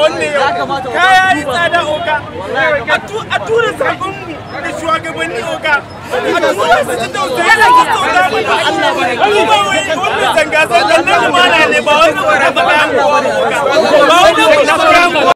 wanda yau kaya yi tsada oga a tura sabonmu da shugabanni oga a tura su ta tausayi da su saurari ba wanda zanga-zangar na lumana ne ba wanda ba